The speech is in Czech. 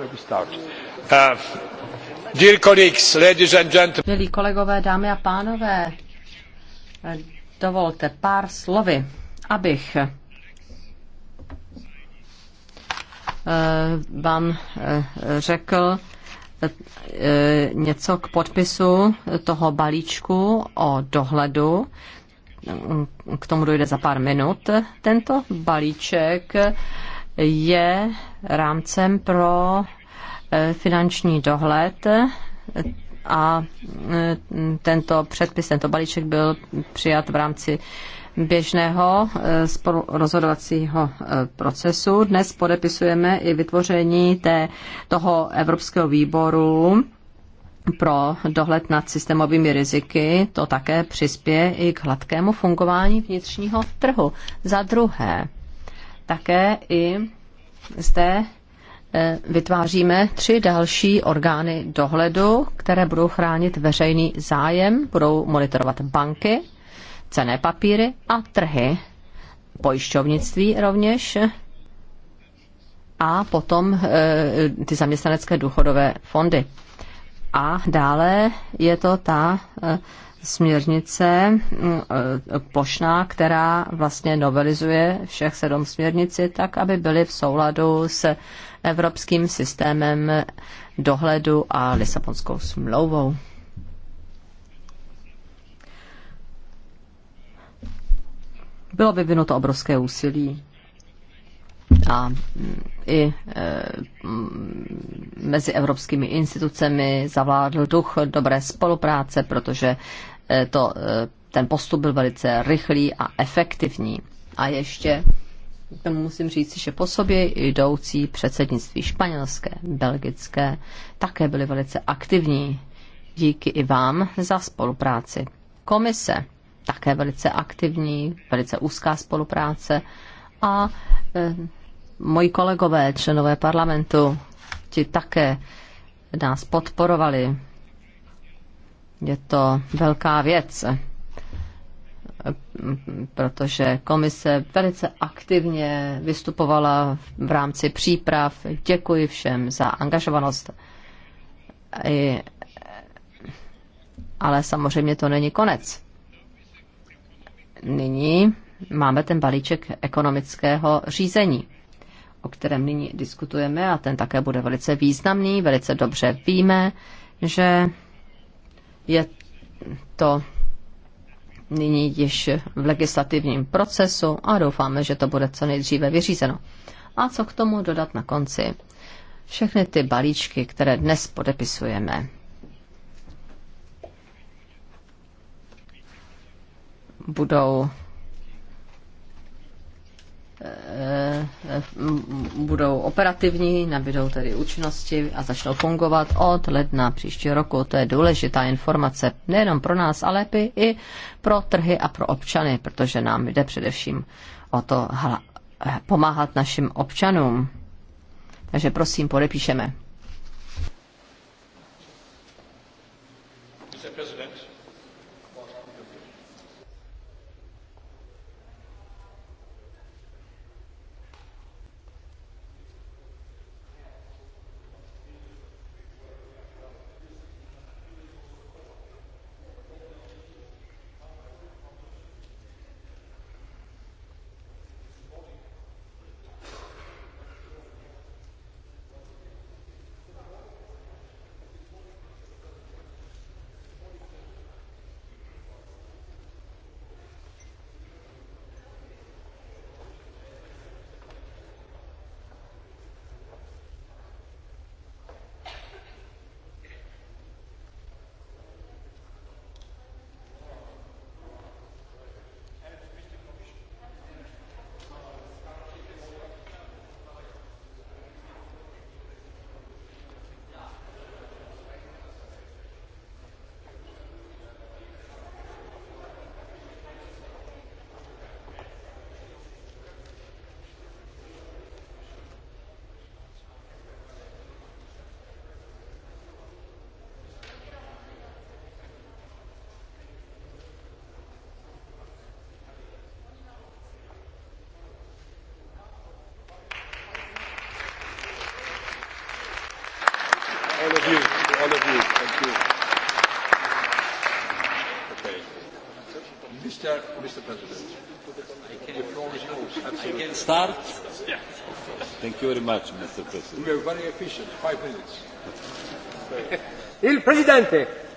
Uh, Milí kolegové, dámy a pánové, dovolte pár slovy, abych eh, vám eh, řekl eh, něco k podpisu toho balíčku o dohledu. K tomu dojde za pár minut. Tento balíček je rámcem pro e, finanční dohled a e, tento předpis, tento balíček byl přijat v rámci běžného e, rozhodovacího procesu. Dnes podepisujeme i vytvoření té, toho Evropského výboru pro dohled nad systémovými riziky. To také přispěje i k hladkému fungování vnitřního trhu. Za druhé, také i zde eh, vytváříme tři další orgány dohledu, které budou chránit veřejný zájem, budou monitorovat banky, cené papíry a trhy, pojišťovnictví rovněž a potom eh, ty zaměstnanecké důchodové fondy. A dále je to ta eh, směrnice eh, plošná, která vlastně novelizuje všech sedm směrnici tak, aby byly v souladu s evropským systémem dohledu a Lisabonskou smlouvou. Bylo vyvinuto obrovské úsilí a i e, mezi evropskými institucemi zavládl duch dobré spolupráce, protože e, to, e, ten postup byl velice rychlý a efektivní. A ještě tomu musím říct, že po sobě jdoucí předsednictví španělské, belgické také byly velice aktivní. Díky i vám za spolupráci. Komise také velice aktivní, velice úzká spolupráce a moji kolegové, členové parlamentu, ti také nás podporovali. Je to velká věc, protože komise velice aktivně vystupovala v rámci příprav. Děkuji všem za angažovanost. I, ale samozřejmě to není konec. Nyní máme ten balíček ekonomického řízení o kterém nyní diskutujeme, a ten také bude velice významný, velice dobře víme, že je to nyní již v legislativním procesu a doufáme, že to bude co nejdříve vyřízeno. A co k tomu dodat na konci? Všechny ty balíčky, které dnes podepisujeme, budou budou operativní, nabídou tedy účinnosti a začnou fungovat od ledna příštího roku. To je důležitá informace nejenom pro nás, ale i pro trhy a pro občany, protože nám jde především o to eh, pomáhat našim občanům. Takže prosím, podepíšeme. all of you. To all of you. Thank you. Okay. Mr. Mr. President, the floor is yours. Absolutely. I can start. Yeah. Thank you very much, Mr. President. We are very efficient. Five minutes. Il Presidente.